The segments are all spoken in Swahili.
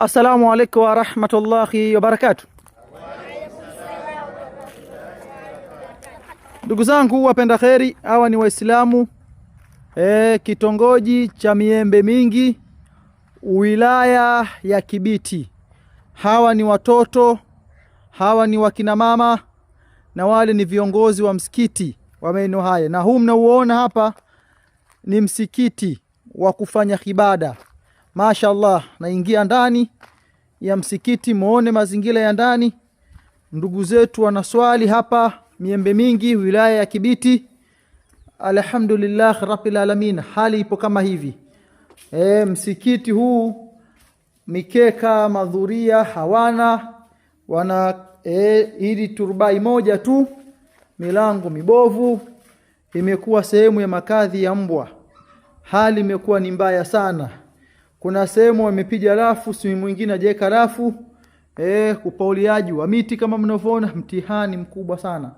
Assalamu alaikum wa rahmatullahi wa barakatuh. Ndugu zangu wapenda kheri, hawa ni Waislamu e, kitongoji cha Miembe Mingi, wilaya ya Kibiti. Hawa ni watoto, hawa ni wakina mama na wale ni viongozi wa msikiti wa maeneo haya, na huu mnauona hapa ni msikiti wa kufanya ibada. Mashallah, naingia ndani ya msikiti, muone mazingira ya ndani. Ndugu zetu wanaswali hapa miembe mingi, wilaya ya Kibiti. Alhamdulillah rabbil alamin, hali ipo kama hivi. E, msikiti huu mikeka madhuria hawana wana e, ili turubai moja tu, milango mibovu, imekuwa sehemu ya makadhi ya mbwa. Hali imekuwa ni mbaya sana kuna sehemu wamepiga rafu, si mwingine ajaeka rafu eh, upauliaji wa miti kama mnavyoona, mtihani mkubwa sana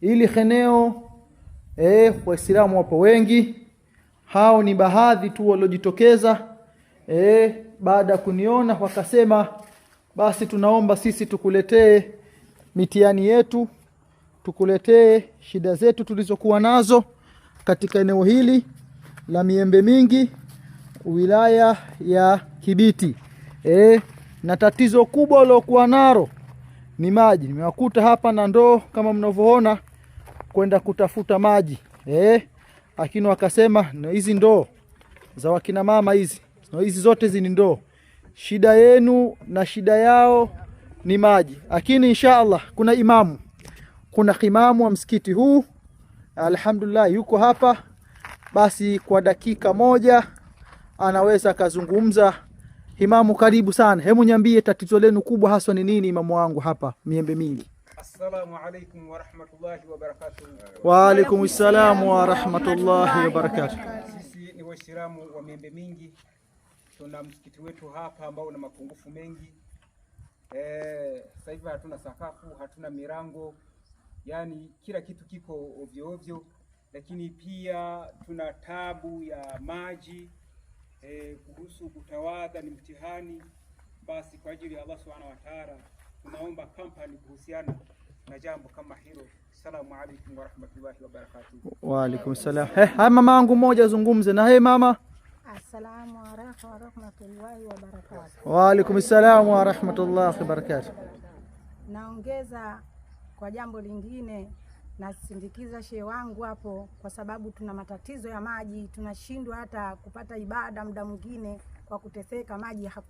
ili eneo eh. Waislamu wapo wengi, hao ni baadhi tu waliojitokeza eh, baada ya kuniona wakasema, basi tunaomba sisi tukuletee mitihani yetu, tukuletee shida zetu tulizokuwa nazo katika eneo hili la miembe mingi wilaya ya Kibiti e, na tatizo kubwa lilokuwa nalo ni maji. Nimewakuta hapa na ndoo kama mnavyoona kwenda kutafuta maji e, lakini wakasema hizi ndoo za wakina mama hizi hizi zote zini ndoo, shida yenu na shida yao ni maji. Lakini insha Allah kuna imamu, kuna imamu wa msikiti huu alhamdulillah, yuko hapa basi kwa dakika moja anaweza akazungumza. Imamu, karibu sana. Hebu niambie tatizo lenu kubwa haswa ni nini, imamu wangu hapa miembe mingi. Assalamu alaykum wa rahmatullahi wa barakatuh. Wa alaykum wa rahmatullahi wa barakatuh. Sisi ni Waislamu wa miembe mingi, tuna msikiti wetu hapa ambao una mapungufu mengi. E, sasa hivi hatuna sakafu, hatuna mirango, yani kila kitu kiko ovyo ovyo, lakini pia tuna tabu ya maji e, kuhusu kutawadha ni mtihani, basi kwa ajili ya Allah subhanahu wa ta'ala tunaomba kampani kuhusiana na jambo kama hilo. salamu alaykum wa rahmatullahi wa barakatuh. Wa alaykum salam. Hey, eh, hey, mama wangu mmoja azungumze na hey mama. Assalamu alaykum wa rahmatullahi wa barakatuh. Wa alaykum salam wa rahmatullahi wa barakatuh. Naongeza kwa jambo lingine nasindikiza shehe wangu hapo, kwa sababu tuna matatizo ya maji, tunashindwa hata kupata ibada muda mwingine kwa kuteseka maji haku